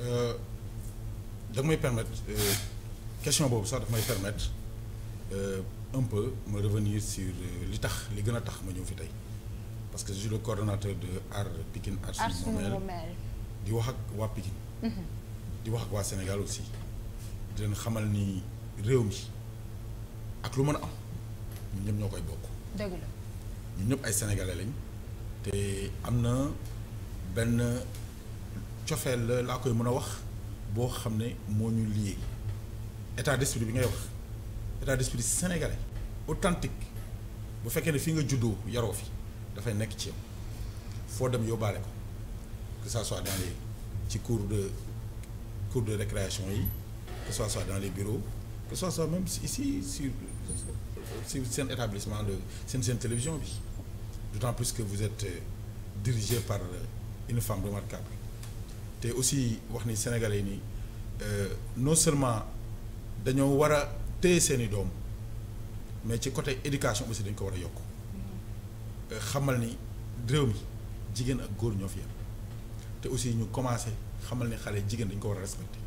Euh, da may permettre euh, question boobu sax daf may permettre euh, un peu ma revenir sur li tax li gën a tax ma ñëw fi tey parce que je suis le coordonnateur de Aar Pikine Aar Sunu Moomeel di wax ak waa Pikine mhm. di wax ak waa Sénégal aussi di leen xamal ni réew mi ak lu mën a am ñun ñëpp ñoo koy bokk. dëgg ñëpp ay sénégalais lañ te am na benn. cofeel la laa koy mën a wax boo xam ne moo ñu lié état d'esprit bi ngay wax état d'esprit sénégalais authentique bu fekkee ne fi nga juddoo yaroo fi dafay nekk ci yow foo dem yóbbaale ko que ça soit dans les ci cours de cours de récréation yi que ça soit dans les bureaux que ça soit même ici sur seen établissement de seen seen télévision bi d'autant plus que vous êtes euh, dirigé par euh, une femme remarquable te aussi wax ni sénégalais nii euh, non seulement dañoo war a téye seeni doom mais ci côté éducation aussi dañ ko war a yokk euh, xamal ni réew mi jigéen ak góor ñoo fi yem te aussi ñu commencé xamal ni xale jigéen dañ ko war a respecter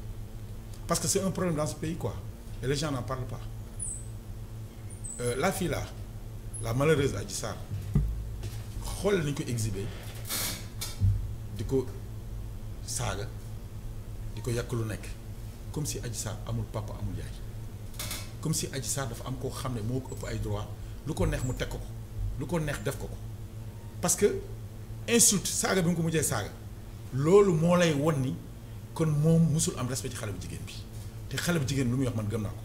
parce que c'est un problème dans pays quoi et les gens n'en parlent euh, la fille la malheureuse Adji Sarr xool nañ ko exhiber di ko. saaga di ko yàq lu nekk comme si Adji Sarr amul papa amul yaay comme si Adji Sarr dafa am koo xam ne moo ko ëpp ay droit lu ko neex mu teg ko ko lu ko neex def ko ko parce que insulte saaga bi mu ko mujjee saaga loolu moo lay won ni kon moom mosul am respect xale bu jigéen bi te xale bu jigéen lu mu wax man gëm naa ko.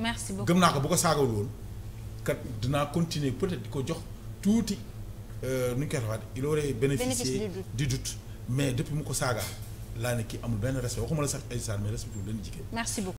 merci gëm naa ko bu ko saagawul woon kat dinaa continuer peut-être di ko jox tuuti euh, nu ñu koy waxee il aurait bénéficié du doute mais depuis mu ko saagaa. laa ne kii amul benn respect waxuma la sax ay mais respecté wu leen jigéen. merci beaucoup.